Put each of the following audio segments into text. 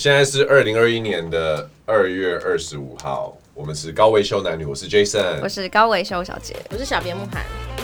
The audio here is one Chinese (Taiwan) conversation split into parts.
現在是二零二一年的二月二十五號，我們是高維修男女，我是 Jason，我是高維修小姐，我是小編慕涵。哦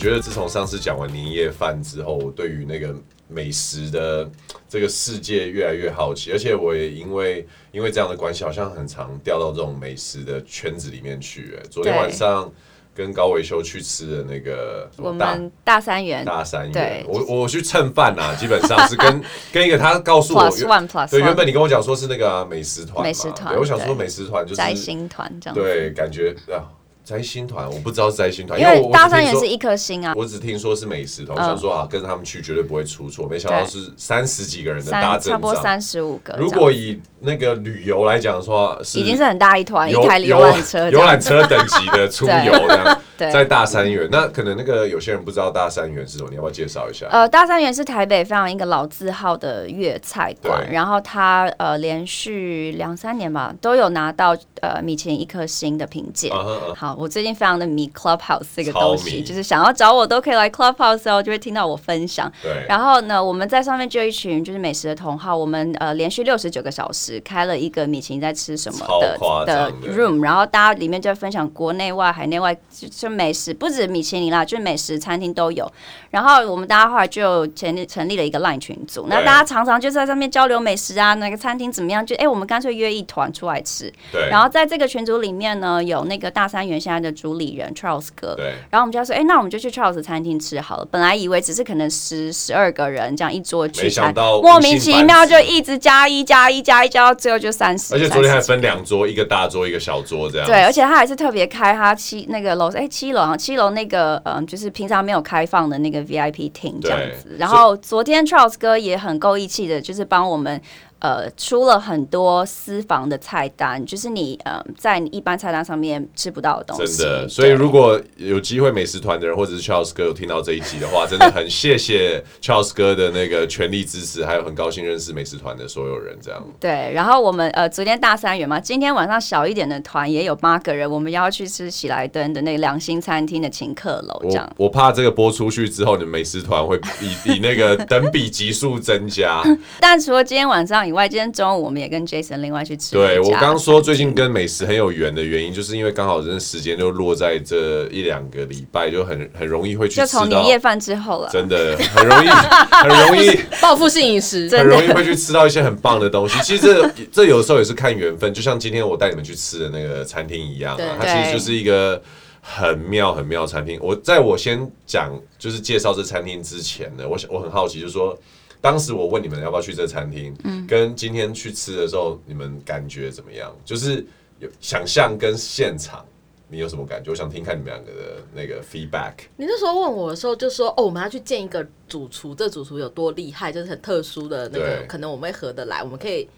我覺得自從上次講完年夜飯之後，我對於那個美食的這個世界越來越好奇，而且我也因為因為這樣的關係，好像很常掉到這種美食的圈子裡面去。昨天晚上跟高維修去吃的那個什麼，我們大三元，大三元。對，我我去蹭飯啊， 基本上是跟跟一個他告訴我，plus one plus one, 對，原本你跟我講說是那個美食團，美食團，我想說美食團就是摘星團這樣，對，感覺啊。摘星團，我不知道是摘星團，因為大三元是一顆星啊我。我只聽說是美食團、呃，想說啊，跟着他們去絕對不會出錯、呃。沒想到是三十幾個人的大車，差不多三十五個。如果以那個旅遊來講說，已經是很大一團，一台遊覽車、遊覽車等級的出遊， 對，在大三元、嗯。那可能那個有些人不知道大三元是什麼，你要不要介紹一下？呃，大三元是台北非常一個老字號的粵菜館，然後它呃連續兩三年吧都有拿到呃米其林一顆星的評鑑、啊啊。好。我最近非常的迷 Clubhouse 這個東西，就是想要找我都可以來 Clubhouse 哦，就會聽到我分享。對。然後呢，我們在上面就一群就是美食的同好，我們呃連續六十九個小時開了一個米其林在吃什麼的的，的 room，然後大家裡面就分享國內外、海內外就美食，不止米其林啦，就美食餐廳都有。然後我們大家後來就成立成立了一個 LINE 群組，那大家常常就在上面交流美食啊，哪個餐廳怎麼樣？就哎，我們乾脆約一團出來吃。對。然後在這個群組裡面呢，有那個大三元。現在的主理人 Charles 哥，對，然後我們就要說，哎，那我們就去 Charles 餐廳吃好了。本來以為只是可能十十二個人這樣一桌，沒想到莫名其妙就一直加一加一加一，加到最後就三十。而且昨天還分兩桌，一個大桌，一個小桌這樣。對，而且他還是特別開他七那個樓，哎七樓啊七樓那個嗯，就是平常沒有開放的那個 VIP 廳這樣子。然後昨天 Charles 哥也很夠義氣的，就是幫我們。呃，出了很多私房的菜單，就是你呃，在你一般菜單上面吃不到的東西。真的，所以如果有機會，美食團的人或者是 Charles 哥有聽到這一集的話，真的很謝謝 Charles 哥的那個全力支持， 還有很高興認識美食團的所有人。這樣。對，然後我們呃，昨天大三元嘛，今天晚上小一點的團也有八個人，我們要去吃喜來登的那個良心餐廳的請客樓。這樣我。我怕這個播出去之後，你們美食團會比比那個等比級數增加。 但除了今天晚上。另外，今天中午我們也跟 Jason 另外去吃。對我剛說，最近跟美食很有緣的原因，就是因為剛好這時間就落在這一兩個禮拜，就很很容易會去吃。就從年夜飯之後了，真的很容易， 很容易報復性飲食，很容易會去吃到一些很棒的東西。其實這，這有時候也是看緣分，就像今天我帶你們去吃的那個餐廳一樣，啊對，它其實就是一個很妙很妙的餐廳。我在我先講就是介紹這餐廳之前呢，我想我很好奇，就是說。當時我問你們要不要去這餐廳，嗯，跟今天去吃的時候，你們感覺怎麼樣？就是有想象跟現場，你有什麼感覺？我想聽看你們兩個的那個 feedback。你那時候問我的時候就說：“哦，我們要去見一個主廚，這主廚有多厲害，就是很特殊的那個，可能我們會合得來，我們可以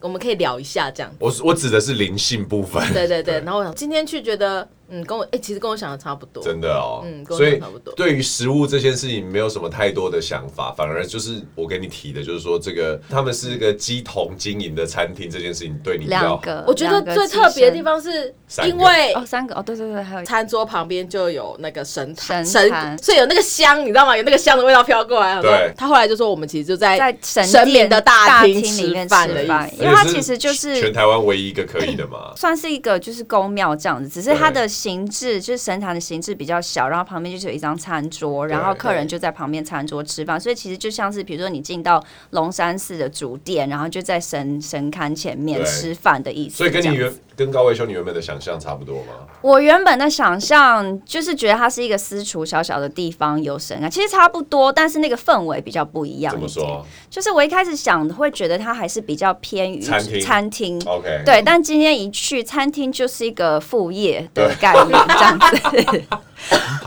我們可以聊一下這樣。”我我指的是靈性部分。對對對，對，然後我想今天去覺得。嗯，跟我哎、欸，其實跟我想的差不多，真的哦，嗯，所以差不多。對於食物這件事情，沒有什麼太多的想法，反而就是我跟你提的，就是說這個、嗯、他們是一個乩童經營的餐廳，這件事情對你兩個，我覺得最特別的地方是，因為三個哦，對對對，還有餐桌旁邊就有那個神壇，神，所以有那個香，你知道嗎？有那個香的味道飄過來。對，他，他後來就說，我們其實就在神的在神明的大廳裡面吃飯，因為他其實就是，是全台灣唯一一個可以的嘛，嗯、算是一個就是宮廟這樣子，只是他的。形制就是神壇的形制比較小，然後旁邊就是有一張餐桌，然後客人就在旁邊餐桌吃飯，所以其實就像是比如說你進到龍山寺的主殿，然後就在神神龕前面吃飯的意思，所以跟你原跟高維修你原本的想象差不多嗎？我原本的想象就是覺得它是一個私廚小小的地方，有神啊，其實差不多，但是那個氛圍比較不一樣一。怎麼說？就是我一開始想會覺得它還是比較偏於餐廳，餐廳 OK 對。但今天一去，餐廳就是一個副業的概念這樣子對 對。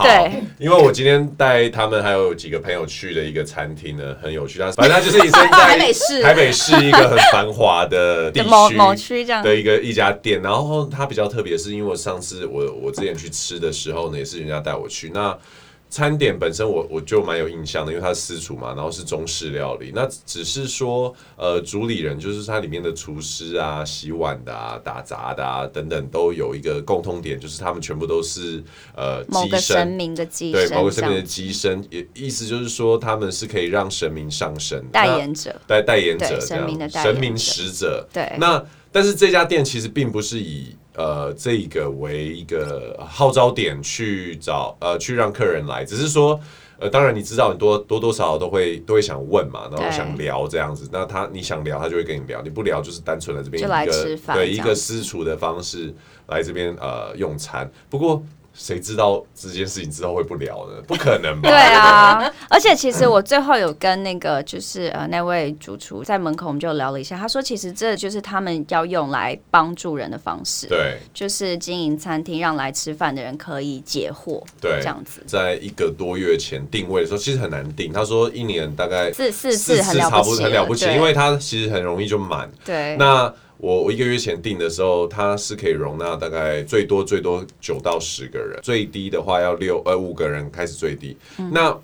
對，因為我今天帶他們還有幾個朋友去的一個餐廳呢，很有趣、啊。他反正就是台北市，台北市一個很繁華的地區，某某區這樣的一個一家店。然後它比較特別，是因為我上次我我之前去吃的時候呢，也是人家帶我去那。餐點本身我我就蠻有印象的，因為它是私廚嘛，然後是中式料理。那只是說，呃，主理人就是它裡面的廚師啊、洗碗的啊、打雜的啊等等，都有一個共通點，就是他們全部都是呃，乩身，某個神明的乩身，對，包括身邊的乩身也。意思就是說，他們是可以讓神明上身的代言者，代代言者，神明的代言者，神明使者。對。那但是這家店其實並不是以。呃，這個為一個號召點去找呃，去讓客人來，只是說，呃，當然你知道很多多多少少都會都會想問嘛，然後想聊這樣子，那他你想聊，他就會跟你聊，你不聊就是單純的這邊一個對一個私廚的方式來這邊呃用餐，不過。誰知道這件事情之後會不聊呢？不可能吧？ 對啊對，而且其實我最後有跟那個就是呃那位主廚在門口，我們就聊了一下。他說，其實這就是他們要用來幫助人的方式。對，就是經營餐廳，讓來吃飯的人可以解惑。對，這樣子。在一個多月前定位的時候，其實很難定。他說，一年大概四四四四，差不多很了不起，因為他其實很容易就滿。對，那。我我一個月前訂的時候，它，是可以容納大概最多最多九到十個人，最低的話要六呃五個人開始最低。嗯，那。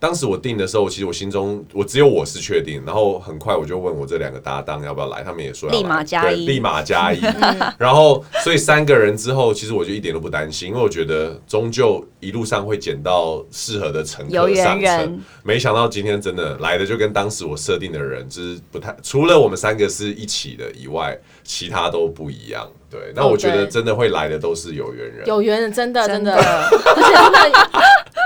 當時我定的時候，其實我心中我只有我是確定，然後很快我就問我這兩個搭檔要不要來，他們也說要立馬加一，立馬加一，加一 然後所以三個人之後，其實我就一點都不擔心，因為我覺得終究一路上會撿到適合的乘客上車。沒想到今天真的來的就跟當時我設定的人就是不太，除了我們三個是一起的以外，其他都不一樣。對，那我覺得真的會來的都是有緣人，有緣人真的真的，真的真的 而且真的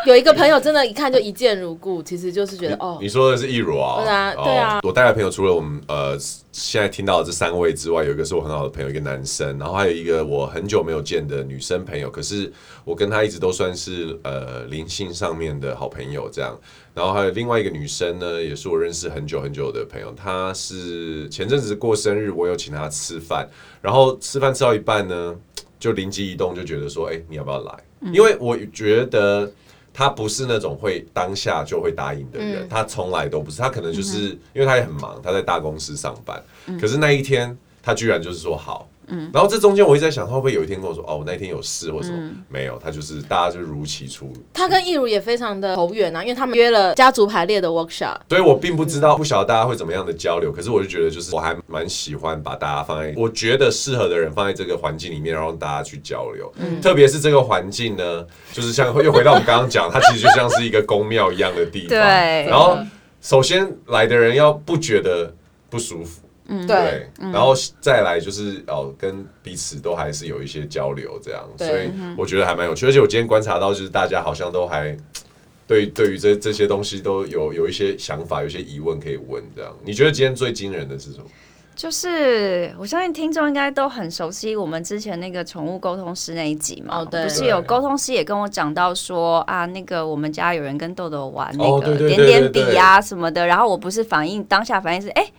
有一個朋友真的，一看就一見如故，其實就是覺得哦你，你說的是易如啊？對啊，哦、對啊，我帶來朋友除了我們呃現在聽到的這三位之外，有一個是我很好的朋友，一個男生，然後還有一個我很久沒有見的女生朋友，可是我跟他一直都算是呃靈性上面的好朋友這樣。然後還有另外一個女生呢，也是我認識很久很久的朋友。她是前陣子過生日，我有請她吃飯。然後吃飯吃到一半呢，就靈機一動，就覺得說：“誒、欸，你要不要來？”因為我覺得她不是那種會當下就會答應的人，嗯、她從來都不是。她可能就是因為她也很忙，她在大公司上班。可是那一天，她居然就是說：“好。”嗯、然後這中間我一直在想，他會不會有一天跟我說哦，我那一天有事或者什麼、嗯、沒有，他就是大家就如期出。他跟易如也非常的投緣啊，因為他們約了家族排列的 workshop，所以我並不知道、嗯，不曉得大家會怎麼樣的交流。可是我就覺得，就是我還蠻喜歡把大家放在我覺得適合的人放在這個環境裡面，然後大家去交流。嗯、特別是這個環境呢，就是像又回到我們剛剛講， 它其實就像是一個宮廟一樣的地方。對。然後、嗯、首先來的人要不覺得不舒服。嗯，對，嗯，然後再來就是哦，跟彼此都還是有一些交流這樣，所以我覺得還蠻有趣。而且我今天觀察到，就是大家好像都還對，對於這這些東西都有有一些想法，有一些疑問可以問這樣。你覺得今天最驚人的是什麼？就是我相信聽眾應該都很熟悉我們之前那個寵物溝通師那一集嘛，哦，對，不、就是有溝通師也跟我講到說啊，那個我們家有人跟豆豆玩那個點點筆啊什麼的、哦對對對對對對，然後我不是反應當下反應是哎。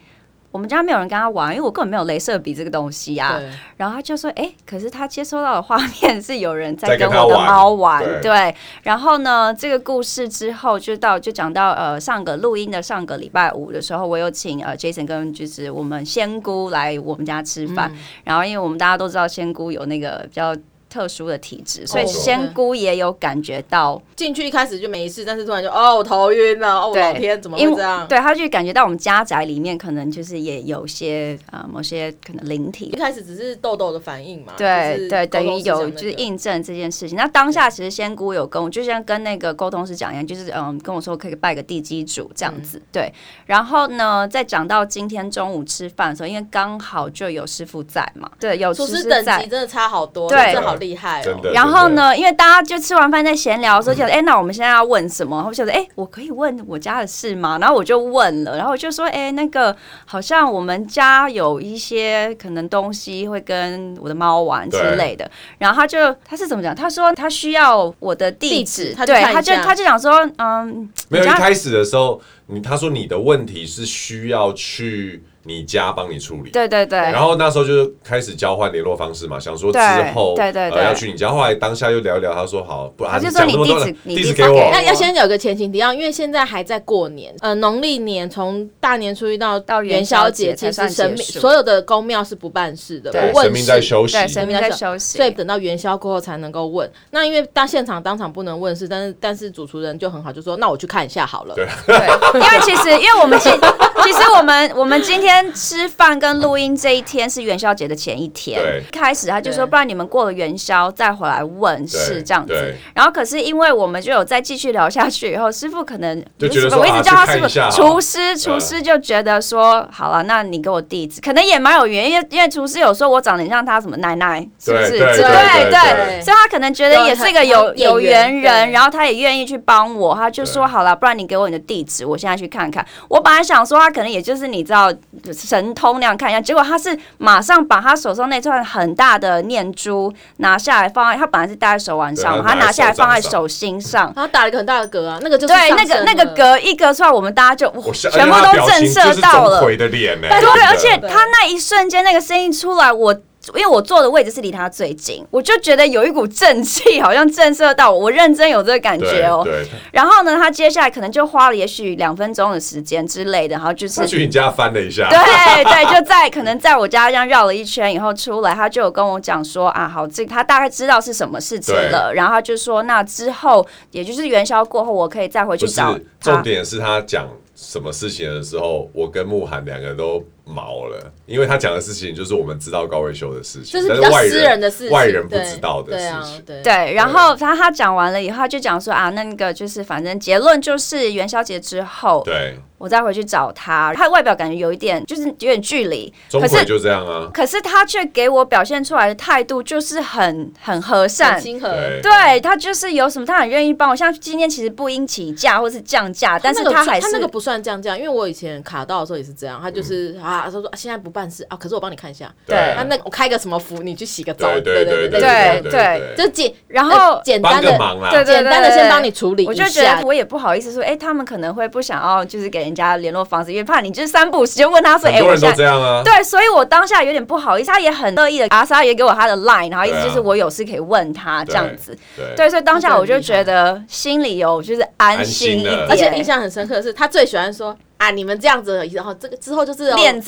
我們家沒有人跟他玩，因為我根本沒有鐳射筆這個東西啊。然後他就說：“哎、欸，可是他接收到的畫面是有人在跟我的貓玩。玩對”對。然後呢，這個故事之後就到就講到呃上個錄音的上個禮拜五的時候，我有請呃 Jason 跟就是我們仙姑來我們家吃飯。嗯、然後，因為我們大家都知道仙姑有那個比較。特殊的體質，所以仙姑也有感覺到進、oh, okay. 去一開始就沒事，但是突然就哦，我頭暈了，哦，老天，怎麼會這樣？對，他就感覺到我們家宅裡面可能就是也有些啊、呃，某些可能靈體。一開始只是痘痘的反應嘛，對、那個、對，等於有就是印證這件事情。那當下其實仙姑有跟我，就像跟那個溝通師講一樣，就是嗯，跟我說可以拜個地基主這樣子。嗯、對，然後呢，再講到今天中午吃飯的時候，因為剛好就有師傅在嘛，對，有廚師等級真的差好多，對。嗯厲害、哦，然後呢，對對對。因為大家就吃完飯在閒聊的時候說，就、欸、哎，那我們現在要問什麼？然後覺得哎，我可以問我家的事嗎？然後我就問了，然後我就說哎、欸，那個好像我們家有一些可能東西會跟我的貓玩之類的。然後他就他是怎麼講？他說他需要我的地址，對他就對他就講說嗯，沒有一開始的時候，你他說你的問題是需要去。你家幫你處理，對對對。然後那時候就開始交換聯絡方式嘛，想說之後對，對對對、呃。要去你家。後來當下又聊一聊，他說好不，你、啊、就是說你地址，你，你地，址地址給我那要，要先有個前情提要，因為現在還在過年，呃，農曆年從大年初一到到元宵節，元節，其實神明所有的宮廟是不辦事的對問，神明在休息，對，神明在休息、嗯，所以等到元宵過後才能夠問。那因為當現場當場不能問事，但是但是主廚人就很好，就說那我去看一下好了。對，對因為其實 因為我們其其實我們我們今天。 跟吃飯跟錄音這一天是元宵節的前一天。一開始他就說，不然你們過了元宵再回來問，是這樣子對對。然後可是因為我們就有再繼續聊下去以後，師傅可能就覺得說，師父我一直叫他師傅、啊，廚師廚師就覺得說，好了，那你給我地址，可能也蠻有緣，因為因為廚師有說我長得像他什麼奶奶，是不是？對對、對、對、對，所以他可能覺得也是一個有有緣人，然後他也願意去幫我，他就說好了，不然你給我你的地址，我現在去看看。我本來想說，他可能也就是你知道。神通那樣看一下，結果他是馬上把他手上那串很大的念珠拿下來放在，他本來是戴在手腕上，上，他拿下來放在手心上，嗯、他打了一個很大的嗝，啊，那個就是對，那個那個嗝一嗝出來，我們大家就全部都震懾到了，對，那個，而且他那一瞬間那個聲音出來，我。因為我坐的位置是離他最近，我就覺得有一股正氣，好像震懾到我，我認真有這個感覺哦、喔。對。然後呢，他接下來可能就花了也許兩分鐘的時間之類的，然後就是去你家翻了一下。對對，就在 可能在我家這樣繞了一圈以後出來，他就有跟我講說啊，好，這他大概知道是什麼事情了，然後他就說那之後，也就是元宵過後，我可以再回去找他。不是，重點是他講什麼事情的時候，我跟慕寒兩個都。毛了，因為他講的事情就是我們知道高維修的事情，就是比較私人的事情，的事情，外人不知道的事情。對，對啊、對對，然後他他講完了以後就，就講說啊，那個就是反正結論就是元宵節之後。對。我再回去找他，他外表感覺有一點，就是有點距離。中可是，就這樣啊。可是他卻給我表現出來的態度就是很很和善，對,對他就是有什麼，他很願意幫我。像今天其實不應起價或是降價、那個，但是他還是他那個不算降價，因為我以前卡到的時候也是這樣，他就是、嗯、啊，他說,說現在不辦事啊，可是我幫你看一下。對，對他那個我開個什麼服，你去洗個澡。對對對對對對,對,對,對,對,對,對。就簡然後、欸、簡單的對,對,對,對,對簡單的先幫你處理一下我就覺得我也不好意思說，哎、欸，他們可能會不想要就是給。人家聯絡方式，因為怕你就是三不五時就問他說，哎，很多人都這樣啊、欸。對，所以我當下有點不好意思，他也很樂意的，阿沙也給我他的 line，然後意思就是我有事可以問他這樣子對對。對，所以當下我就覺得心裡有就是安心一點，安心而且印象很深刻的是，他最喜歡說啊，你們這樣子，然後這個之後就是斂財。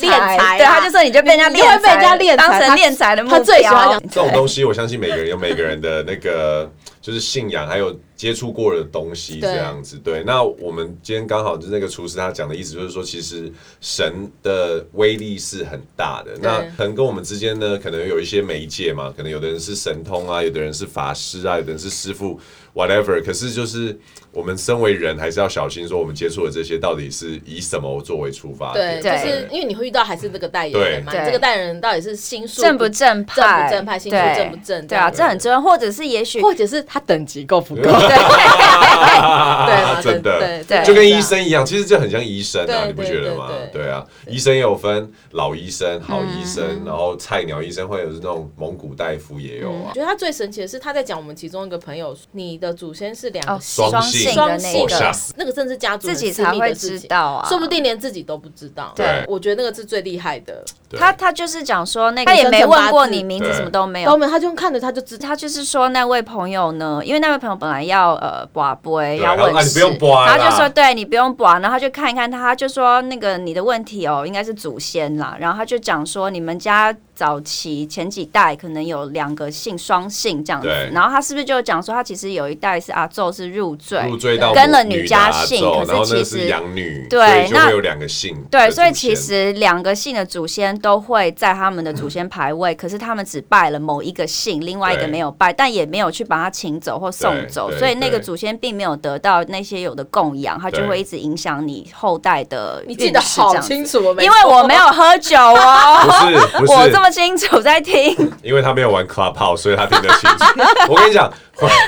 對，他就說你就被人家斂，會被人家斂，當成斂財的目標。他最喜歡講這種東西，我相信每個人有每個人的那個就是信仰，還有。接觸過的東西這樣子對，對。那我們今天剛好就是那個廚師他講的意思，就是說其實神的威力是很大的。那可能跟我們之間呢，可能有一些媒介嘛，可能有的人是神通啊，有的人是法師啊，有的人是師傅。whatever，可是就是我們身為人還是要小心，說我們接觸的這些到底是以什麼作為出發對？對，就是因為你會遇到還是這個代言人嘛、嗯？這個代言人到底是心術正不正派正不正派，心術正不正，派對正，不正對？對啊，這很重要。對對對或者是也許，或者是他等級夠不夠？對，對、 啊，真的，對，對，對。就跟醫生一樣，其實這很像醫生啊對對對對對，你不覺得嗎？對啊，對對對對對醫生也有分老醫生、好醫生、嗯，然後菜鳥醫生，或者是那種蒙古大夫，也有啊。我、嗯、覺得他最神奇的是他在講我們其中一個朋友你。的祖先是兩個、oh, 雙姓,雙姓的那個，那個甚至家族自己才會知道啊，說不定連自己都不知道。對，對我覺得那個是最厲害的。他他就是講說，那個。他也沒問過你名字,字，什麼都沒有，都沒有。他就看着他就知，他就是說那位朋友呢，因為那位朋友本來要呃拔杯要問事，那、啊、你不用拔啦。他就說對你不用拔，然後他就看一看他，他就說那個你的問題哦，應該是祖先啦。然後他就講說，你們家早期前幾代可能有兩個姓雙姓這樣子。然後他是不是就講說，他其實有。一代是阿宙，是入贅，入贅到跟了女家姓，可是其實養女，所以有兩個姓。對，所以，所以其實兩個姓的祖先都會在他們的祖先牌位，嗯、可是他們只拜了某一個姓，嗯、另外一個沒有拜，但也沒有去把他請走或送走，所以那個祖先並沒有得到那些有的供養，他就會一直影響你後代的。你記得好清楚、喔，沒因為我沒有喝酒哦、喔、 我這麼清楚在聽，因為他沒有玩 Clubhouse，所以他聽得清楚。 我跟你講，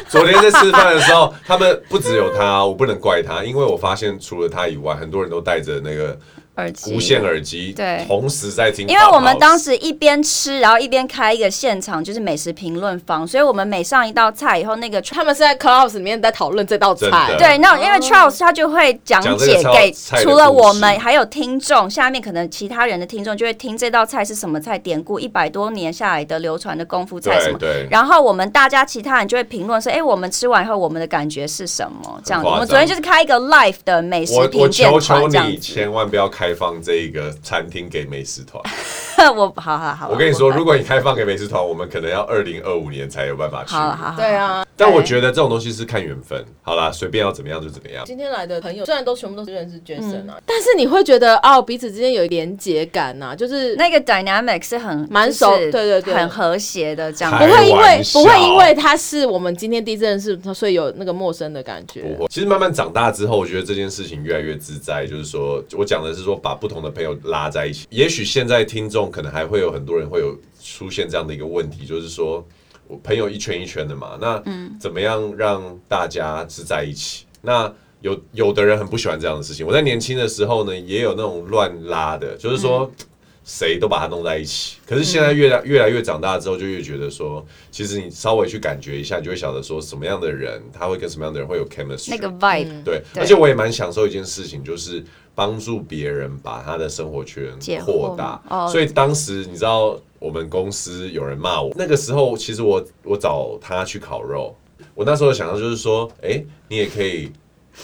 昨天在。吃 飯的時候，他們不只有他，我不能怪他，因為我發現除了他以外，很多人都帶着那個。耳機無線耳機，對，同時在聽。因為我們當時一邊吃，然後一邊開一個現場，就是美食評論房，所以我們每上一道菜以後，那個他們是在 Clubhouse 裡面在討論這道菜，對，那因為 Charles 他就會講解給除了我們還有聽眾，下面可能其他人的聽眾就會聽這道菜是什麼菜典故，一百多年下來的流傳的功夫菜什麼對，對。然後我們大家其他人就會評論說，哎、欸，我們吃完以後我們的感覺是什麼？這樣子，我們昨天就是開一個 live 的美食評鑑，我我求求你千萬不要開。開放這一個餐廳給美食團， 我好好好。我跟你說，如果你開放給美食團， 我們可能要二零二五年才有辦法去。好好好對啊。但我覺得這種東西是看緣分。好啦，隨便要怎麼樣就怎麼樣。今天來的朋友雖然都全部都是認識 Jason 啊、嗯，但是你會覺得哦，彼此之間有連接感吶、啊，就是那個 dynamic、就是很蠻熟，對對對，很和諧的這樣。不會因為不會因為他是我們今天第一次認識，所以有那個陌生的感覺。不會，其實慢慢長大之後，我覺得這件事情越來越自在。就是說我講的是說。把不同的朋友拉在一起，也許現在聽眾可能還會有很多人會有出現這樣的一個問題，就是說我朋友一圈一圈的嘛，那怎麼樣讓大家是在一起？那有有的人很不喜歡這樣的事情。我在年輕的時候呢，也有那種亂拉的，就是說誰都把他弄在一起。可是現在越來越來越長大之後，就越覺得說，其實你稍微去感覺一下，你就會曉得說什麼樣的人他會跟什麼樣的人會有 chemistry, like a vibe。對，而且我也蠻享受一件事情，就是。幫助別人把他的生活圈擴大，所以當時你知道我們公司有人罵我。那個時候，其實我我找他去烤肉，我那時候想到就是說，哎，你也可以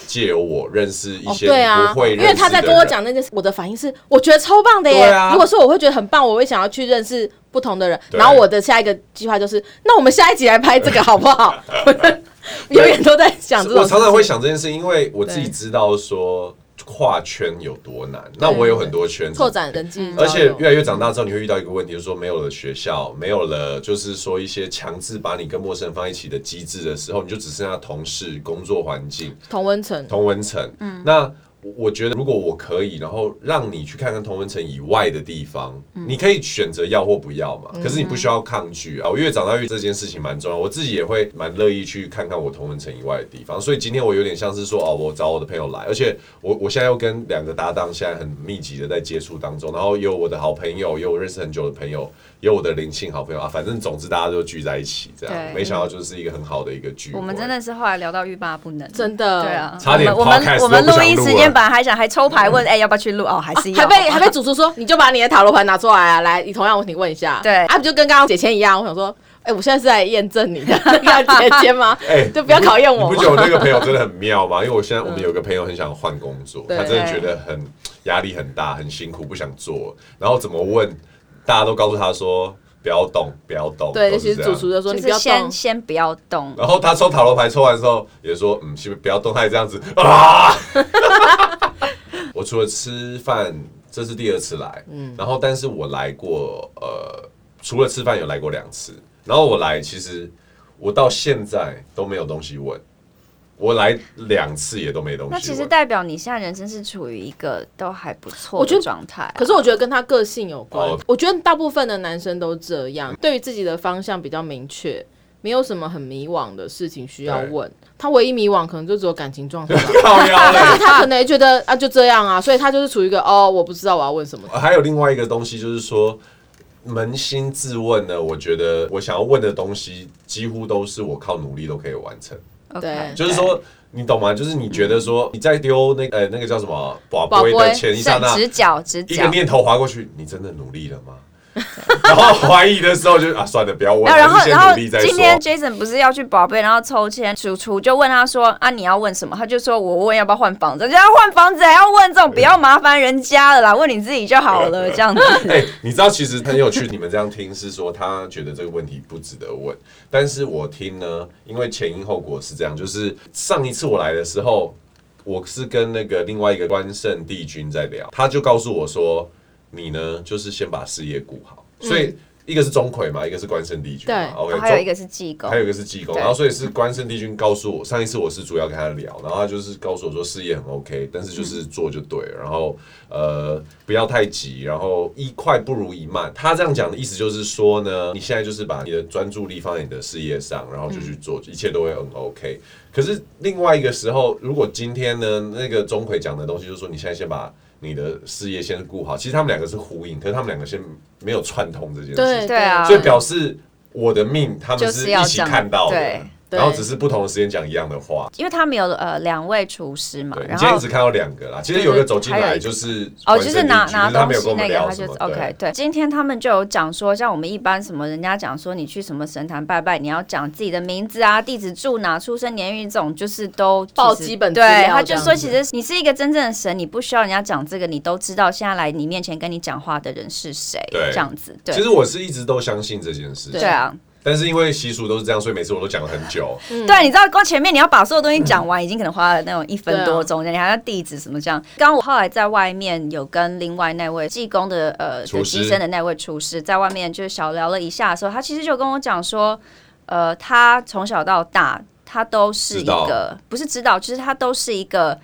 借由我認識一些不會人、哦啊，因為他在跟我講那件事，我的反應是我覺得超棒的耶。啊、如果說我會覺得很棒，我會想要去認識不同的人。然後我的下一個計劃就是，那我們下一集來拍這個好不好？永遠都在想這個。我常常會想這件事，因為我自己知道說。畫圈有多難？那我有很多圈子，拓展跟。而且越來越長大之後，你會遇到一個問題，就是說沒有了學校，沒有了，就是說一些強制把你跟陌生人放一起的機制的時候，你就只剩下同事、工作環境、同溫層、同溫層。嗯，那。我覺得如果我可以，然後讓你去看看同溫層以外的地方，嗯、你可以選擇要或不要嘛、嗯。可是你不需要抗拒啊！我越長大越這件事情蠻重要，我自己也會蠻樂意去看看我同溫層以外的地方。所以今天我有點像是說哦，我找我的朋友來，而且我我現在又跟兩個搭檔現在很密集的在接觸當中，然後有我的好朋友，有我認識很久的朋友。有我的靈性好朋友啊，反正總之大家都聚在一起，這樣，沒想到就是一個很好的一個聚我們真的是後來聊到欲罷不能，真的，對啊，差點、Podcast、我們錄我們錄音時間本來還想還抽牌問，哎、嗯欸，要不要去錄？哦，還是一、啊、還被還被主廚說，你就把你的塔羅牌拿出來啊，來，你同樣問題問一下。對啊，不就跟剛剛解籤一樣？我想說，哎、欸，我現在是在驗證你的 解籤嗎？哎、欸，就不要考驗我。你不覺得我那個朋友真的很妙嗎 因為我現在我們有一個朋友很想換工作對對對，他真的覺得很壓力很大，很辛苦，不想做。然後怎麼問？大家都告訴他說不要動，不要動。對，是其實主廚就說、就是、你不要動，先先不要動。然後他抽塔羅牌抽完之後，也說嗯，先不要動，他也這樣子啊。 我除了吃飯，這是第二次來，嗯。然後，但是我來過，呃，除了吃飯有來過兩次。然後我來，其實我到現在都沒有東西問。我來兩次，也都沒東西。那其實代表你現在人生是處於一個都還不錯的狀態啊。可是我覺得跟他個性有關。Oh. 我覺得大部分的男生都這樣，對於自己的方向比較明確，沒有什麼很迷惘的事情需要問。他唯一迷惘可能就只有感情狀態。 他可能覺得啊就這樣啊，所以他就是處於一個哦，我不知道我要問什麼問題。還有另外一個東西就是說，捫心自問呢，我覺得我想要問的東西幾乎都是我靠努力都可以完成。對，對，就是說，你懂嗎？就是你覺得說，嗯、你在丟那個、呃那個叫什麼擲筊的前一剎那，擲筊擲筊一個念頭劃過去，你真的努力了嗎？ 然後懷疑的時候就啊，算了，不要問。然後，然後今天 Jason 不是要去寶貝，然後抽籤，主廚就問他說啊，你要問什麼？他就說我問要不要換房子，就要換房子，還要問這種，不要麻煩人家了啦， 問你自己就好了， 這樣子。哎，hey，你知道其實很有趣， 你們這樣聽是說他覺得這個問題不值得問，但是我聽呢，因為前因後果是這樣，就是上一次我來的時候，我是跟那個另外一個關聖帝君在聊，他就告訴我說。你呢，就是先把事業顧好，嗯，所以一個是鍾馗嘛，一個是關聖帝君，對，OK，還有一個是濟公，還有一個是濟公，然後所以是關聖帝君告訴我，上一次我是主要跟他聊，然後他就是告訴我，說事業很 OK，但是就是做就對，嗯，然後呃不要太急，然後一快不如一慢。他這樣講的意思就是說呢，你現在就是把你的專注力放在你的事業上，然後就去做，嗯，一切都會很 OK。可是另外一個時候，如果今天呢，那個鍾馗講的東西就是說，你現在先把。你的事業先顧好，其實他們兩個是呼應，可是他們兩個先沒有串通這件事情，對對啊，所以表示我的命他們是一起看到的。就是然後只是不同的時間講一樣的話，因為他們有呃兩位廚師嘛。對，然後你今天只看到兩個啦，其實有個走進來就是哦，就是拿拿東西是他沒有跟我們那個，他就是、對 OK 對。今天他們就有講說，像我們一般什麼人家講說你去什麼神壇拜拜，你要講自己的名字啊、地址住哪、啊、出生年月這種，就是都報基本。對，他就說其實你是一個真正的神，你不需要人家講這個，你都知道現在來你面前跟你講話的人是誰，這樣子對。其實我是一直都相信這件事情。對啊。但是因為習俗都是這樣，所以每次我都講了很久、嗯。對，你知道光前面你要把所有東西講完、嗯，已經可能花了那種一分多鐘、啊，你還要地址什麼這樣。剛我後來在外面有跟另外那位濟公的呃廚師生的那位廚師，師在外面就是小聊了一下的時候，他其實就跟我講說，呃，他從小到大他都是一個不是知道，其實、就是、他都是一個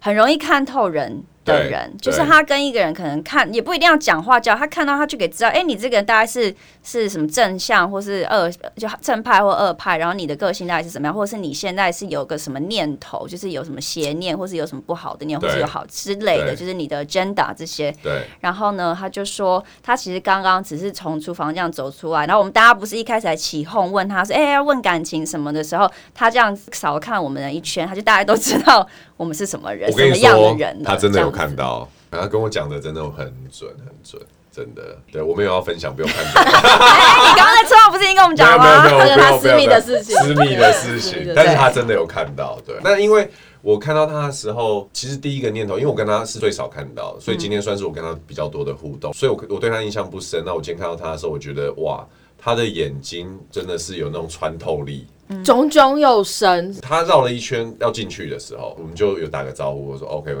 很容易看透人。的人，就是他跟一個人可能看也不一定要講話叫，叫他看到他就給知道，哎，你這個人大概是是什麼正向，或是二就正派或二派，然後你的個性大概是怎麼樣，或者是你現在是有個什麼念頭，就是有什麼邪念，或是有什麼不好的念，或是有好之類的，就是你的 gender 這些。對。然後呢，他就說，他其實剛剛只是從廚房這樣走出來，然後我們大家不是一開始還起哄問他說，哎，要問感情什麼的時候，他這樣掃看我們的一圈，他就大家都知道我們是什麼人，什麼樣的人的，他真的看到，然後跟我講的真的很準，很準，真的。對，我沒有要分享，不用看到。 欸、你剛剛在車上不是已經跟我們講了嗎？沒有沒有沒有，他跟他私密的事情， 私密的事情。但是他真的有看到對，對。那因為我看到他的時候，其實第一個念頭，因為我跟他是最少看到，所以今天算是我跟他比較多的互動，嗯、所以我我對他印象不深。那我今天看到他的時候，我覺得哇，他的眼睛真的是有那種穿透力，炯、嗯、炯有神。他繞了一圈要進去的時候，我們就有打個招呼，我說 OK。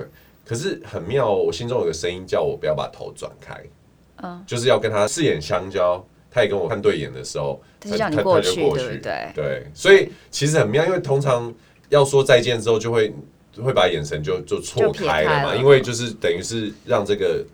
可是很妙、哦，我心中有個聲音叫我不要把頭轉開，嗯，就是要跟他四眼相交，他也跟我看對眼的時候，他、嗯、快就過去，對對對，對，所以其實很妙，因為通常要說再見之後，就會會把眼神就就錯開了嘛開了，因為就是等於是讓這個。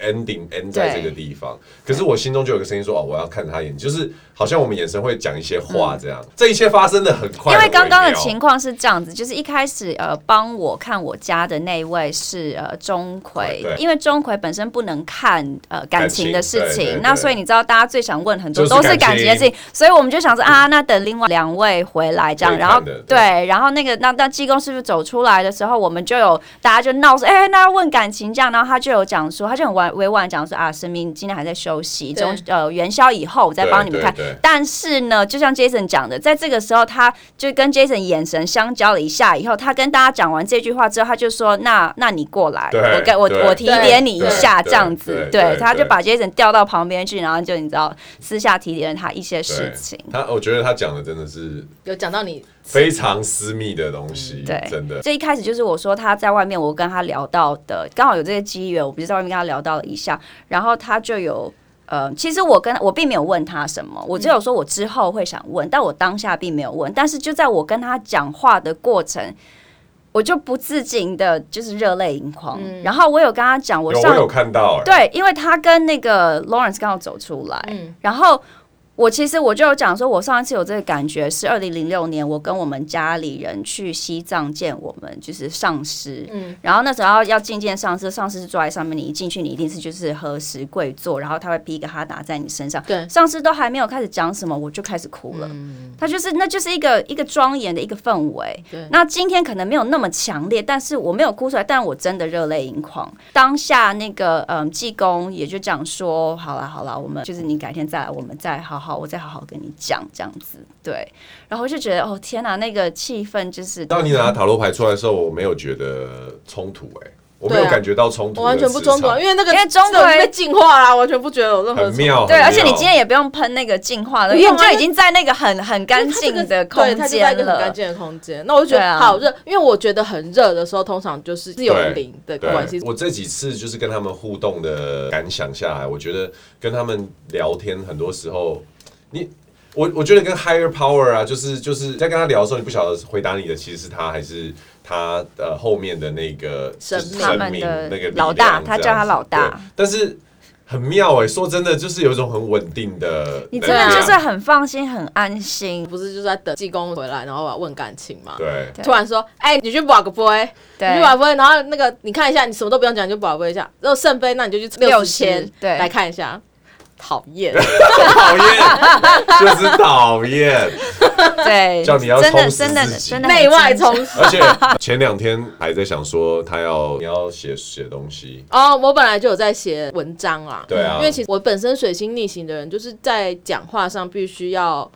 ending end 在這個地方，可是我心中就有個聲音說哦，我要看他眼，就是好像我們眼神會講一些話這樣。嗯、這一切發生的很快的，因為剛剛的情況是這樣子，就是一開始呃幫我看我家的那位是呃鍾馗，因為鍾馗本身不能看呃感情，感情的事情對對對，那所以你知道大家最想問很多都是感情的事，就是、情，所以我們就想說啊，那等另外兩位回來這樣，然後對，然後那個那那濟公師傅走出來的時候，我們就有大家就鬧說哎、欸，那要問感情這樣，然後他就有講說他就很玩。委婉講說啊，神明今天還在休息，中呃元宵以後我再幫你們看。但是呢，就像 Jason 講的，在這個時候，他就跟 Jason 眼神相交了一下以後，他跟大家講完這句話之後，他就說：“那那你過來，我跟我我提點你一下，這樣子。對”對，對對對他就把 Jason 調到旁邊去，然後就你知道私下提點了他一些事情。他我覺得他講的真的是有講到你。非常私密的東西，嗯、對，真的。這一開始就是我說他在外面，我跟他聊到的，剛好有這些機緣，我就是在外面跟他聊到了一下，然後他就有呃，其實我跟我並沒有問他什麼，我只有說我之後會想問，嗯、但我當下並沒有問。但是就在我跟他講話的過程，我就不自禁的就是熱淚盈眶、嗯。然後我有跟他講，我有我有看到了，對，因為他跟那個 Lawrence 剛好走出來，嗯，然後。我其實我就有講說，我上一次有這個感覺是二零零六年，我跟我們家裡人去西藏見我們就是上師，嗯，然後那時候要覲見上師，上師是坐在上面，你一進去你一定是就是合十跪坐，然後他會披個哈達在你身上，對，上師都還沒有開始講什麼，我就開始哭了，他就是那就是一個一個莊嚴的一個氛圍，對，那今天可能沒有那麼強烈，但是我沒有哭出來，但我真的熱淚盈眶。當下那個嗯濟公也就講說，好了好了，我們就是你改天再來，我們再好好。好，我再好好跟你講，這樣子。對，然後我就覺得哦，天哪、啊，那個氣氛就是。當你拿塔羅牌出來的時候，我沒有覺得衝突哎、欸啊，我沒有感覺到衝突、啊，我完全不衝突，因為那個因為衝突會被淨化了、啊，完全不覺得有任何。很妙。對妙，而且你今天也不用噴那個淨化了，因為你就已經在那個很很乾淨的空間了。乾淨、這個、的空間，那我就覺得、啊、好熱，因為我覺得很熱的時候，通常就是有靈的關係。我這幾次就是跟他們互動的感想下來，我覺得跟他們聊天很多時候。你我我覺得跟 Higher Power 啊，就是就是在跟他聊的時候，你不曉得回答你的其實是他還是他的、呃、後面的那個，神他們的那個老大，他叫他老大。但是很妙哎、欸，說真的，就是有一種很穩定的，你真的就是很放心、很安心。不是就是在等濟公回來，然後問感情嘛？對。突然說，哎、欸，你去保個杯，你保個杯，然後那個你看一下，你什麼都不用講，你就保個杯一下。如果聖杯，那你就去六千，對，來看一下。討厭，討厭，就是討厭。對，叫你要充實自己。真的，真的，內外充實。而且前兩天還在想說，他要、嗯、你要寫寫東西。哦、oh，我本來就有在寫文章啊。對、嗯、啊，因為其實我本身水星逆行的人，就是在講話上必須要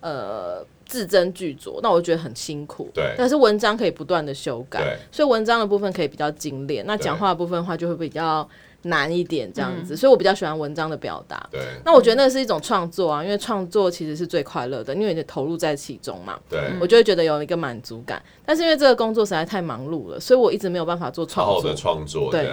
呃字斟句酌，那我覺得很辛苦。對。但是文章可以不斷的修改。對，所以文章的部分可以比較精煉。那講話的部分的話就會比較難一點這樣子，嗯，所以我比較喜歡文章的表達。對，那我覺得那是一種創作啊，因為創作其實是最快樂的，因為你投入在其中嘛。對，我就會覺得有一個滿足感。但是因為這個工作實在太忙碌了，所以我一直沒有辦法做創作。好，好的創作，對。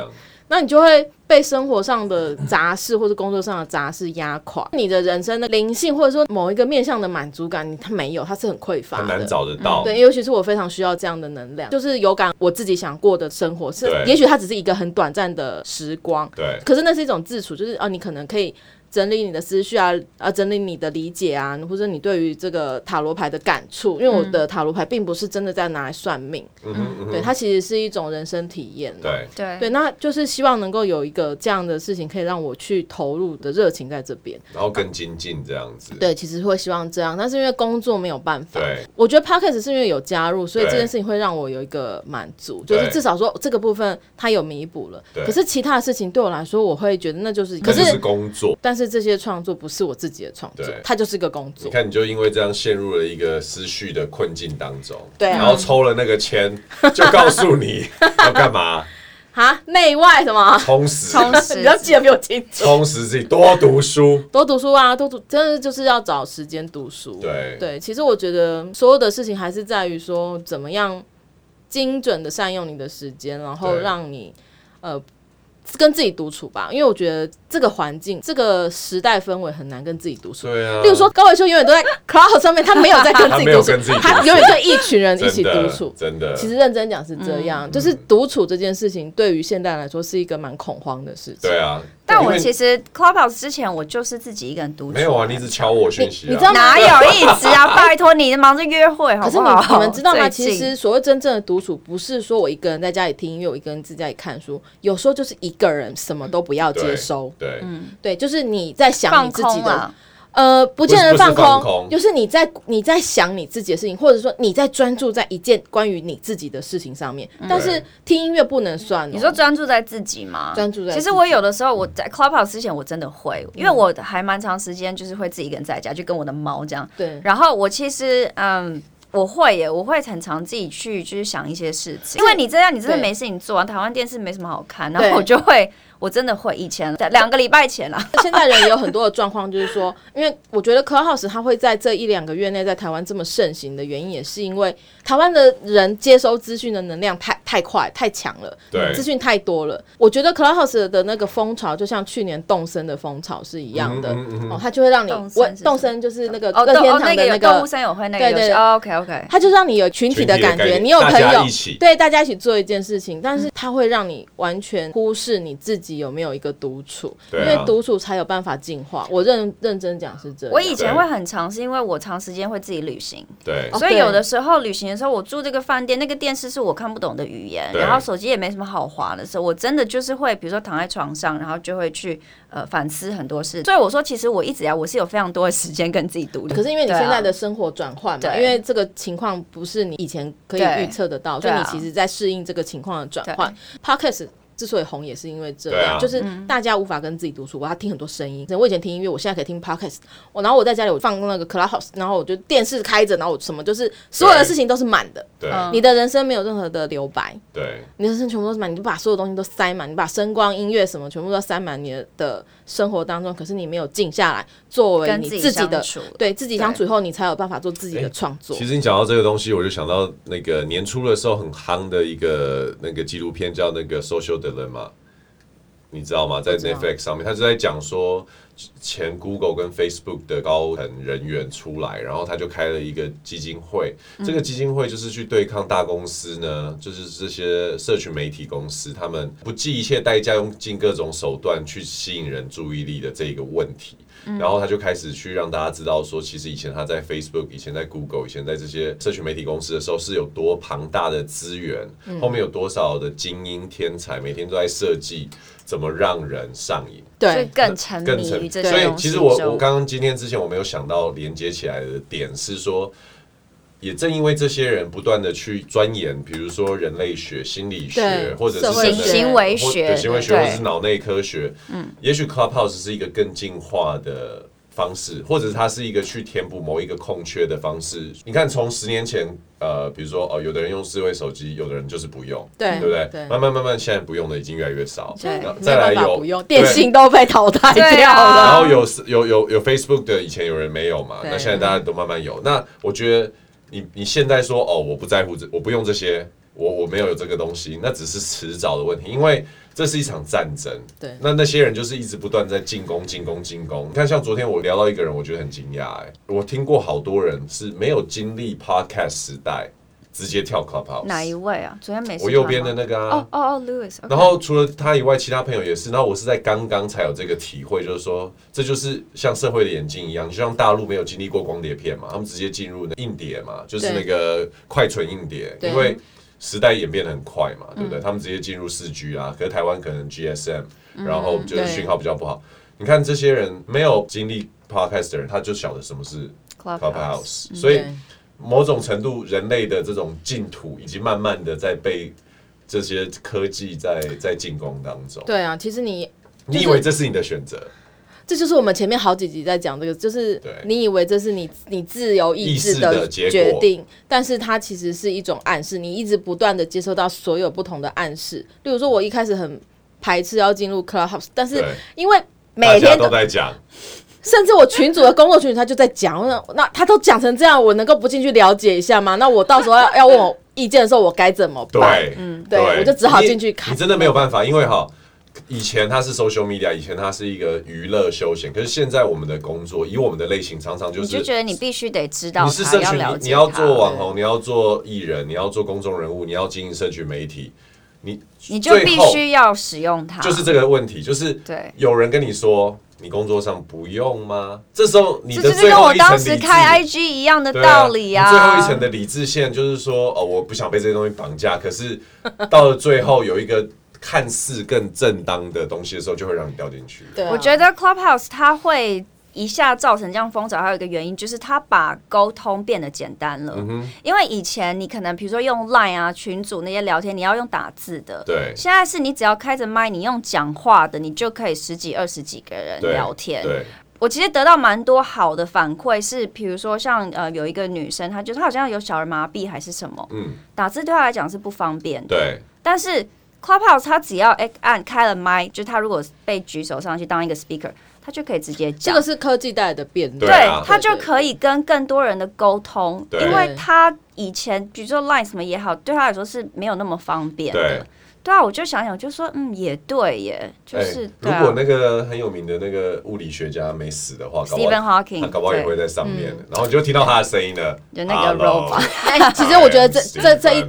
那你就會被生活上的雜事或者工作上的雜事壓垮，嗯，你的人生的靈性或者說某一個面向的滿足感，你它沒有，它是很匱乏的，很難找得到，嗯。對，尤其是我非常需要這樣的能量，嗯、就是有感我自己想過的生活是，也許它只是一個很短暫的時光，對，可是那是一種自處，就是哦、啊，你可能可以。整理你的思緒啊，啊，整理你的理解啊，或者你對於這個塔羅牌的感觸，因為我的塔羅牌並不是真的在拿來算命，嗯哼嗯哼對，它其實是一種人生體驗。對，對，對，那就是希望能夠有一個這樣的事情，可以讓我去投入的熱情在這邊，然後更精進這樣子、啊。對，其實會希望這樣，但是因為工作沒有辦法。對，我覺得 podcast 是因為有加入，所以這件事情會讓我有一個滿足，就是至少說這個部分它有彌補了。可是其他的事情對我來說，我會覺得那就是，可是工作，但。但是這些創作不是我自己的創作，它就是一個工作。你看，你就因為這樣陷入了一個思緒的困境當中，對、啊，然後抽了那個籤，就告訴你要幹嘛內、 啊、外什麼？充實，充實。要記得比我清楚？充實自己，多讀書，多讀書啊，多讀，真的就是要找時間讀書。對，對。其實我覺得所有的事情還是在於說怎麼樣精準的善用你的時間，然後讓你呃。跟自己獨處吧，因為我覺得這個環境、這個時代氛圍很難跟自己獨處。對啊，例如說高維修永遠都在 Cloud 上面，他沒有在跟自己獨處， 他沒有跟自己獨處，他永遠跟一群人一起獨處。 真的，真的，其實認真講是這樣、嗯，就是獨處這件事情對於現代來說是一個蠻恐慌的事情。對啊。但我其實 Clubhouse 之前，我就是自己一個人獨處。沒有啊，你一直敲我訊息、啊你，你知道哪有一直啊？ 拜託你忙着約會好不好？可是，你們知道嗎？其實所謂真正的獨處，不是說我一個人在家裡聽音樂，我一個人在家裡看書，有時候就是一個人什麼都不要接收。對，對嗯，對，就是你在想你自己的、啊。呃，不見得放空，不是不是放空。就是你在你在想你自己的事情，或者說你在專注在一件關於你自己的事情上面。嗯。但是聽音樂不能算哦，你說專注在自己嗎？專注在，其實我有的時候我在 Clubhouse 之前我真的會，嗯。因為我還蠻長時間就是會自己一個人在家，就跟我的貓這樣。對，然後我其實嗯。我會耶，我會很常自己去就是想一些事情，因為你這樣你真的沒事你做。啊，台灣電視沒什麼好看，然後我就會我真的會，以前兩個禮拜前了。現在人也有很多的狀況，就是說， 因為我覺得 Clubhouse 他會在這一兩個月內在台灣這麼盛行的原因，也是因為台灣的人接收資訊的能量太。太快、太強了，嗯、資訊太多了。我覺得 clubhouse 的那個風潮，就像去年動森的風潮是一樣的，嗯嗯嗯嗯哦，它就會讓你，動森，是動森就是那個哦，任天堂的那個、哦動，哦那個有那個、有動物森友會那個，對對，對、哦，OK OK，它就讓你有群體的感覺，你有朋友一起，對，大家一起做一件事情，但是它會讓你完全忽視你自己有沒有一個獨處、嗯，因為獨處才有辦法進化。我認認真講是這樣、啊，我以前會很長，是因為我長時間會自己旅行對，對，所以有的時候旅行的時候，我住這個飯店，那個電視是我看不懂的語語言，然後手機也沒什麼好滑的時候，我真的就是會，比如說躺在床上，然後就會去呃反思很多事。所以我說，其實我一直啊，我是有非常多的時間跟自己獨處。可是因為你現在的生活轉換嘛，啊、因為這個情況不是你以前可以預測得到，所以你其實，在適應這個情況的轉換。p a r k e 之所以紅也是因為這樣，啊，就是大家無法跟自己獨處，我要聽很多聲音，嗯。我以前聽音樂，我現在可以聽 podcast。我、哦、然後我在家裡，我放那個 c l u d h o u s e，然後我就電視開着，然後我什麼就是所有的事情都是滿的。你的人生沒有任何的留白。對，你的人生全部都是滿，你就把所有的東西都塞滿，你把聲光音樂什麼全部都塞滿你的。生活當中，可是你沒有靜下來，作為你自己的，對自己相處，對自己相處以後，你才有辦法做自己的創作。欸，其實你講到這個東西，我就想到那個年初的時候很夯的一個那個紀錄片，叫那個 social《social 的人》嘛。你知道嗎？在 Netflix 上面，他就在講說，前 Google 跟 Facebook 的高層人員出來，然後他就開了一個基金會。這個基金會就是去對抗大公司呢，就是這些社群媒體公司，他們不計一切代價，用盡各種手段去吸引人注意力的這一個問題。然後他就開始去讓大家知道，說其實以前他在 Facebook，以前在 Google、以前在這些社群媒體公司的時候，是有多龐大的資源，後面有多少的精英天才每天都在設計。怎麼讓人上癮？對，更沉迷於這，所以，其實我我剛剛今天之前我沒有想到連接起來的點是說，也正因為這些人不斷的去鑽研，比如說人類學、心理學，或者是行為學、行為學，或者是腦內科學。嗯，也許 Clubhouse 是一個更進化的。方式，或者它是一個去填補某一個空缺的方式。你看，從十年前，呃，比如說哦、呃，有的人用智慧手機，有的人就是不用，對，對不對？對，慢慢慢慢，現在不用的已經越來越少。對，然後再來有電信都被淘汰掉了、啊。然後有有有有 Facebook 的，以前有人沒有嘛？那現在大家都慢慢有。那我覺得你，你你現在說哦，我不在乎這，我不用這些。我我沒有有這個東西，那只是遲早的問題，因為這是一場戰爭。對，那那些人就是一直不斷在進攻、進攻、進攻。你看，像昨天我聊到一個人，我覺得很驚訝哎，我聽過好多人是沒有經歷 Podcast 時代，直接跳 Clubhouse。哪一位啊？昨天沒我右邊的那個哦哦哦，Lewis，okay。然後除了他以外，其他朋友也是。然後我是在剛剛才有這個體會，就是說，這就是像社會的眼睛一樣。就像大陸沒有經歷過光碟片嘛，他們直接進入那硬碟嘛，就是那個快存硬碟，因為。時代演變的很快嘛、嗯，對不對？他們直接進入四 G 啊，可是台灣可能 GSM、嗯、然後就是訊號比較不好。你看這些人沒有經歷 Podcast 的人，他就曉得什麼是、Cloudhouse, Clubhouse。所以某種程度，人類的這種淨土，已經慢慢的在被這些科技在在進攻當中。對啊，其實你其實你以為這是你的選擇？這就是我們前面好幾集在講這個，就是你以為這是你你自由意志的決定的，但是它其實是一種暗示，你一直不斷的接收到所有不同的暗示。例如說，我一開始很排斥要進入 Clubhouse，但是因為每天都，都在講，甚至我群主的工作群他就在講，那 那他都講成這樣，我能夠不進去了解一下嗎？那我到時候要 要問我意見的時候，我該怎麼辦？對，嗯，對，對我就只好進去看。你你真的沒有辦法，因為哈、哦。以前它是 social media，以前它是一個娛樂休閒。可是現在我們的工作，以我們的類型，常常就是你就覺得你必須得知道，你是要了解你，你要做網紅，你要做藝人，你要做公眾人物，你要經營社群媒體，你你就必須要使用它。就是這個問題，就是對有人跟你說你工作上不用嗎？這時候你的就是跟我當時開 IG 一樣的道理呀、啊。啊、最後一層的理智線就是說，哦，我不想被這些東西綁架。可是到了最後有一個。 看似更正當的東西的時候，就會讓你掉進去。對啊、我覺得 Clubhouse 它會一下造成這樣風潮。還有一個原因就是它把溝通變得簡單了。因為以前你可能比如說用 Line 啊群組那些聊天，你要用打字的。對，現在是你只要開着麥，你用講話的，你就可以十幾二十幾個人聊天。對，我其實得到蠻多好的反饋，是比如說像呃有一個女生，她覺得她好像有小兒麻痹還是什麼，嗯，打字對她來講是不方便。對，但是 Clubhouse、他只要按開了麥，就他如果被舉手上去當一個 speaker，他就可以直接講。這個是科技帶來的便利，對、啊，他就可以跟更多人的溝通，對對對對。因為他以前，比如說 Line 什麼也好，對他來說是沒有那麼方便的。對對。對啊，我就想想，就說，嗯，也對，耶，就是、欸、如果那個很有名的那個物理學家沒死的話 Stephen Hawking，他搞不好也會在上面，嗯、然後就聽到他的聲音了，有那個 robot。其實我覺得這 這這一，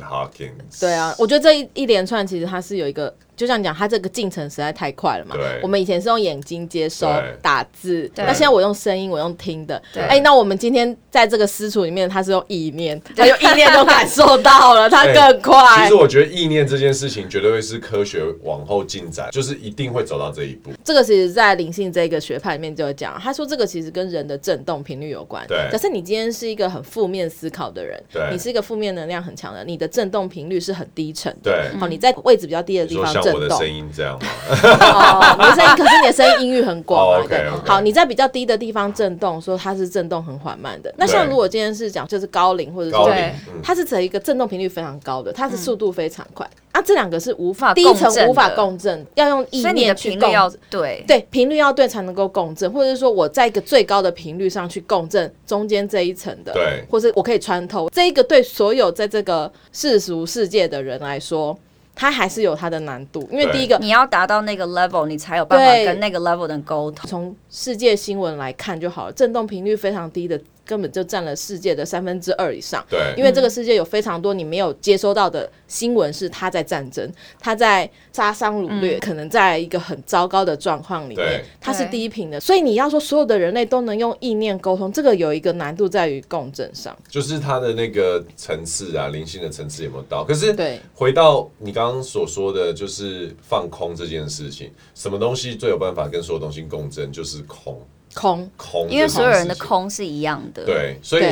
對啊，我覺得這一一連串其實他是有一個。就像你講，他這個進程實在太快了嘛。對。我們以前是用眼睛接收、對打字，那現在我用聲音，我用聽的。對。哎、欸，那我們今天在這個私廚裡面，他是用意念，對他用意念都感受到了， 他更快、欸。其實我覺得意念這件事情絕對會是科學往後進展，就是一定會走到這一步。這個其實，在靈性這個學派裡面就有講，他說這個其實跟人的振動頻率有關。對。假設你今天是一個很負面思考的人，對，你是一個負面能量很強的，你的振動頻率是很低沉。對。好、嗯，你在位置比較低的地方。我的聲音這樣嗎、 oh？ 你的聲音可是你的聲音音域很廣。o、oh, okay, okay. 好，你在比較低的地方震動，說它是震動很緩慢的。那像如果今天是講就是高齡，或者高齡、嗯，它是整一個震動頻率非常高的，它是速度非常快。嗯、啊。這兩個是無法、嗯、第一層無法共振的，要用意念去共振。所以你的頻率要對，對頻率要對才能夠共振，或者是說我在一個最高的頻率上去共振中間這一層的，對，或者我可以穿透這個對所有在這個世俗世界的人來說。它還是有它的難度，因為第一個你要達到那個 level，你才有辦法跟那個 level 的溝通。從世界新聞來看就好了，震動頻率非常低的。根本就佔了世界的三分之二以上，對，因為這個世界有非常多你沒有接收到的新聞，是他在戰爭，他在殺傷擄掠，可能在一個很糟糕的狀況裡面，它是低頻的，所以你要說所有的人類都能用意念溝通，這個有一個難度在於共振上，就是它的那個層次啊，靈性的層次有沒有到？可是，對，回到你剛剛所說的，就是放空這件事情，什麼東西最有辦法跟所有東西共振，就是空。空空，因為所有人的空是一樣的。對，所以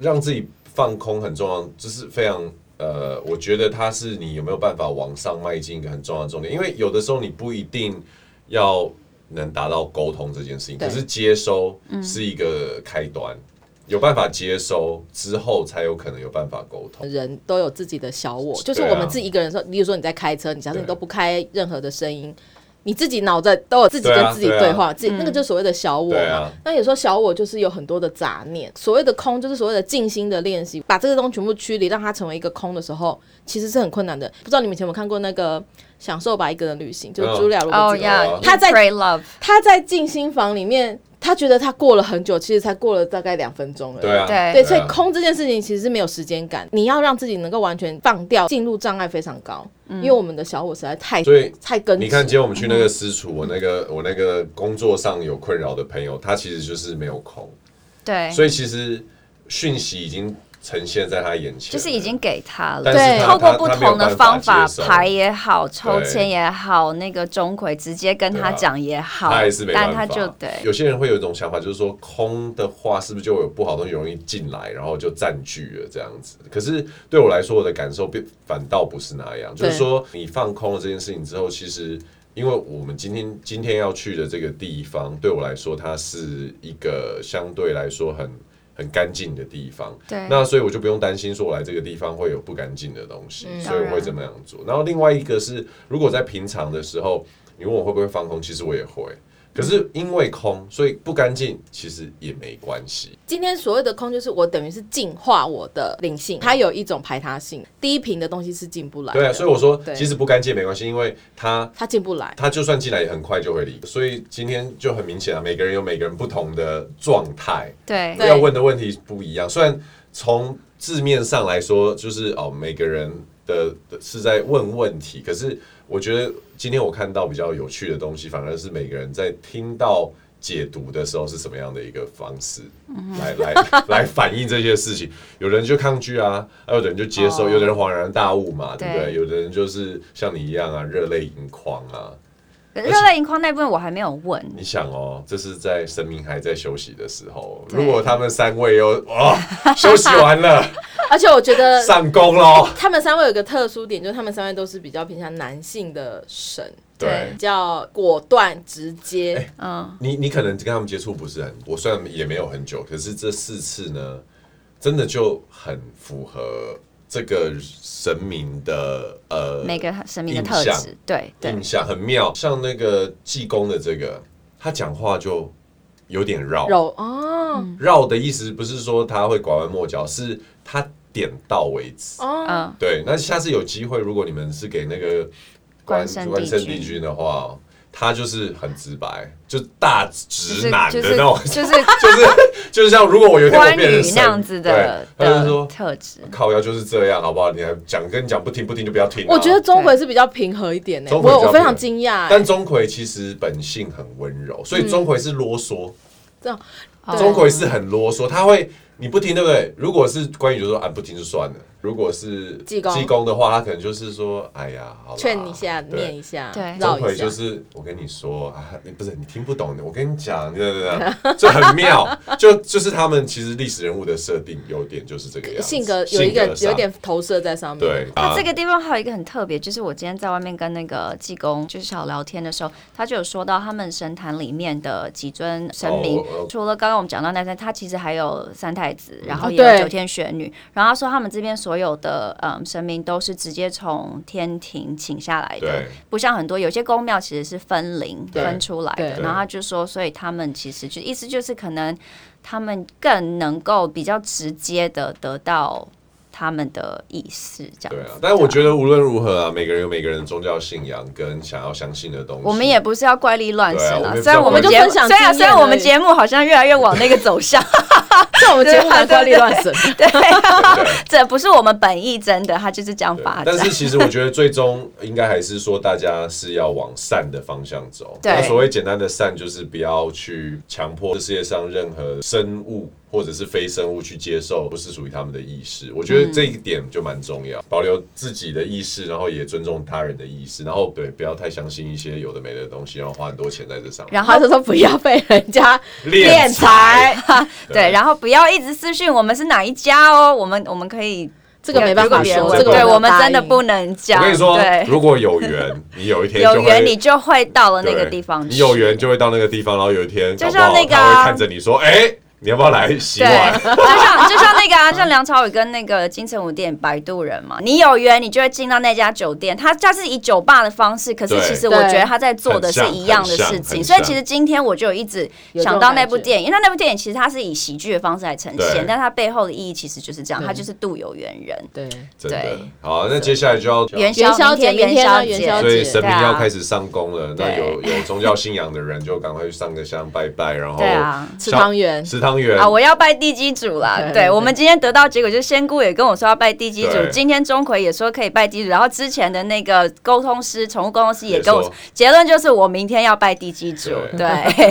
讓自己放空很重要，就是非常呃，我覺得它是你有沒有辦法往上邁進一個很重要的重點。因為有的時候你不一定要能達到溝通這件事情，可是接收是一個開端，嗯、有辦法接收之後，才有可能有辦法溝通。人都有自己的小我，就是我們自己一個人的時候，比如說你在開車，你假設你都不開任何的聲音。你自己腦子都有自己跟自己對啊，對啊，對話，自己那個就是所謂的小我嘛。那有時候小我就是有很多的雜念，所謂的空就是所謂的靜心的練習，把這個東西全部驅離，讓它成為一個空的時候，其實是很困難的。不知道你們以前有沒有看過那個《享受吧，一個人旅行》，就是 Julia, oh,，就朱亞羅，他在他在靜心房裡面。他覺得他過了很久，其實才過了大概兩分鐘了，對啊對，對。所以空這件事情其實是沒有時間感，啊，你要讓自己能夠完全放掉，進入障礙非常高，嗯，因為我們的小伙，實在太所以太跟。你看，今天我們去那個私廚，嗯、我那個我那個工作上有困擾的朋友，他其實就是沒有空，對，所以其實訊息已經，呈現在他眼前，就是已經給他了。但是他對，透過不同的方法，排也好，抽籤也好，那個鍾馗直接跟他講也好，對啊，他也是沒辦法。有些人會有一種想法，就是說空的話，是不是就有不好的東西容易進來，然後就佔據了這樣子？可是對我來說，我的感受變反倒不是那樣，就是說你放空了這件事情之後，其實因為我們今天今天要去的這個地方，對我來說，它是一個相對來說很。很乾淨的地方，對。那所以我就不用擔心說我來這個地方會有不乾淨的東西，嗯，所以我會這麼樣做，嗯，然後另外一個是，如果在平常的時候，你問我會不會放空，其實我也會。可是因為空，所以不乾淨，其實也沒關係。今天所謂的空，就是我等於是淨化我的靈性，它有一種排他性，低頻的東西是進不來。對啊，所以我說其實不乾淨沒關係，因為它它進不來，它就算進來也很快就會離。所以今天就很明顯啊，每個人有每個人不同的狀態，對，要問的問題不一樣。雖然從字面上來說，就是哦，每個人的是在問問題，可是。我覺得今天我看到比較有趣的東西，反而是每個人在聽到解讀的時候是什麼樣的一個方式來， 來來來反映這些事情。有人就抗拒啊，還有人就接受，有的人恍然大悟嘛，oh, 對不對？有的人就是像你一樣啊，熱淚盈眶啊。熱淚盈眶那部分我還沒有問。你想哦，這是在神明還在休息的時候，如果他們三位又哦 休息完了，而且我覺得上工嘍、欸。他們三位有個特殊點，就是他們三位都是比較偏向男性的神，對，比較果斷直接、欸。嗯，你你可能跟他們接觸不是很，我雖然也沒有很久，可是這四次呢，真的就很符合。這個神明的呃，每個神明的特質、印象，對，對，印象很妙。像那個濟公的這個，他講話就有點繞，繞、哦。繞的意思不是說他會拐彎抹角，是他點到為止。啊、哦，對。那下次有機會，如果你們是給那個關關聖帝君的話。他就是很直白，就大直男的那種，就是就是就是， 就是就是、像如果我有一天都變成那樣子的,對他就說的特質，靠腰就是這樣，好不好？你還講跟你講不聽不聽就不要聽。我覺得鍾馗是比較平和一點的、欸，我非常驚訝。但鍾馗其實本性很溫柔，所以鍾馗是囉嗦，鍾、嗯，鍾馗是很囉嗦、哦，他會。你不聽對不對？如果是關羽就說啊，不聽就算了。如果是濟公濟公的話，他可能就是說哎呀，好勸你一下，念一下。對，老回就是我跟你說啊、欸，不是你聽不懂的，我跟你講，對對對， 就很妙。就就是他們其實歷史人物的設定有點就是這個樣性格有一個有點投射在上面。對，他、啊、這個地方還有一個很特別，就是我今天在外面跟那個濟公就是聊聊天的時候，他就有說到他們神壇裡面的幾尊神明、哦，除了剛剛我們講到那三，他其實還有三太。子、啊，然後也有九天玄女。然後他說他們這邊所有的嗯神明都是直接從天庭請下來的，不像很多有些宮廟其實是分靈分出來的。然後他就說，所以他們其實就意思就是可能他們更能夠比較直接的得到。他們的意思這樣子對啊，但是我覺得無論如何啊，每個人有每個人的宗教信仰跟想要相信的東西。我們也不是要怪力亂神啊，雖然、啊、我，我們就分享雖然雖然我們節目好像越來越往那個走向，在我們節目怪力亂神，對， 對對笑 這不是我們本意，真的，他就是這樣發展。但是，其實我覺得最終應該還是說，大家是要往善的方向走。那、啊、所謂簡單的善，就是不要去強迫這世界上任何生物。或者是非生物去接受，不是屬於他們的意識。我覺得這一點就蠻重要、嗯，保留自己的意識，然後也尊重他人的意識，然後對，不要太相信一些有的沒的東西，然後花很多錢在這上面。然後他就說,說不要被人家斂財， 對，然後不要一直私訊我們是哪一家哦，我們我們可以這個沒辦法說、這個，對，我們真的不能講。所以說對，如果有緣，你有一天 有緣你就會到了那個地方，你有緣就會到那個地方，然後有一天就像那個、啊、他會看着你說哎。欸你要不要來洗碗？對， 就像就像那個啊，像梁朝偉跟那個金城武電影《擺渡人》嘛，你有緣，你就會進到那家酒店。他他是以酒吧的方式，可是其實我覺得他在做的是一樣的事情。所以其實今天我就一直想到那部電影，因為那部電影其實他是以喜劇的方式來呈現，但他背後的意義其實就是這樣，他、嗯、就是渡有緣人對。對，真的。好，那接下來就要元宵節，元宵節，所以神明就要開始上工了。那有有宗教信仰的人就趕快去上個香拜拜，然後吃湯圓，吃湯圓。啊！我要拜地基主啦。對，對，對，對，對，我們今天得到結果，就是仙姑也跟我說要拜地基主。今天鍾馗也說可以拜地基主。然後之前的那個溝通師，寵物溝通師也跟我結論就是，我明天要拜地基主。對，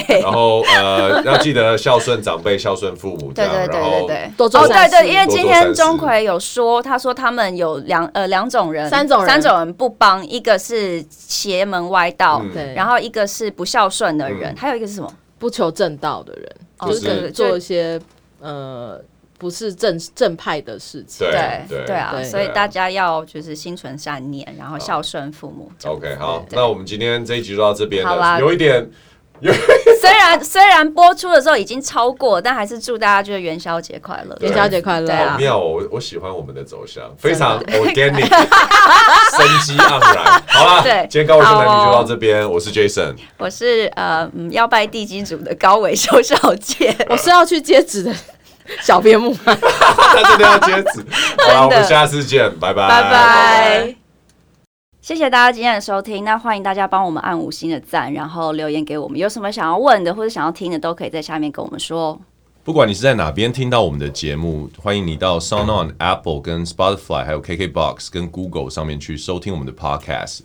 對， 然後呃， 要記得孝順長輩，孝順父母。對對對對對，對。哦，對，對對，因為今天鍾馗有說，他說他們有兩呃兩種、種人，三種人不幫，一個是邪門歪道，嗯、對然後一個是不孝順的人，嗯、還有一個是什麼？不求正道的人。就是哦、就是做一些呃不是正正派的事情，對對對，啊對啊，所以大家要就是心存善念，然後孝順父母。好 OK，好，那我們今天這一集就到這邊了，好啦有一點。 雖然雖然播出的時候已經超過，但還是祝大家就是元宵節快樂，元宵節快樂。對啊、好妙、哦，我我喜歡我們的走向，非常 organic，生機盎然。好啦，對，今天高維修男女就到這邊，我是 Jason，我是呃、嗯，要拜地基主的高維修小、小姐， 我是要去接旨的小編目， 他真的要接旨。好，我們下次見，拜拜拜拜。Bye bye bye bye 謝謝大家今天的收聽，那歡迎大家幫我們按五星的贊，然後留言給我們，有什麼想要問的或者想要聽的，都可以在下面跟我們說哦。不管你是在哪邊聽到我們的節目，歡迎你到 SoundOn、Apple、跟 Spotify、還有 KKBox、跟 Google 上面去收聽我們的 Podcast。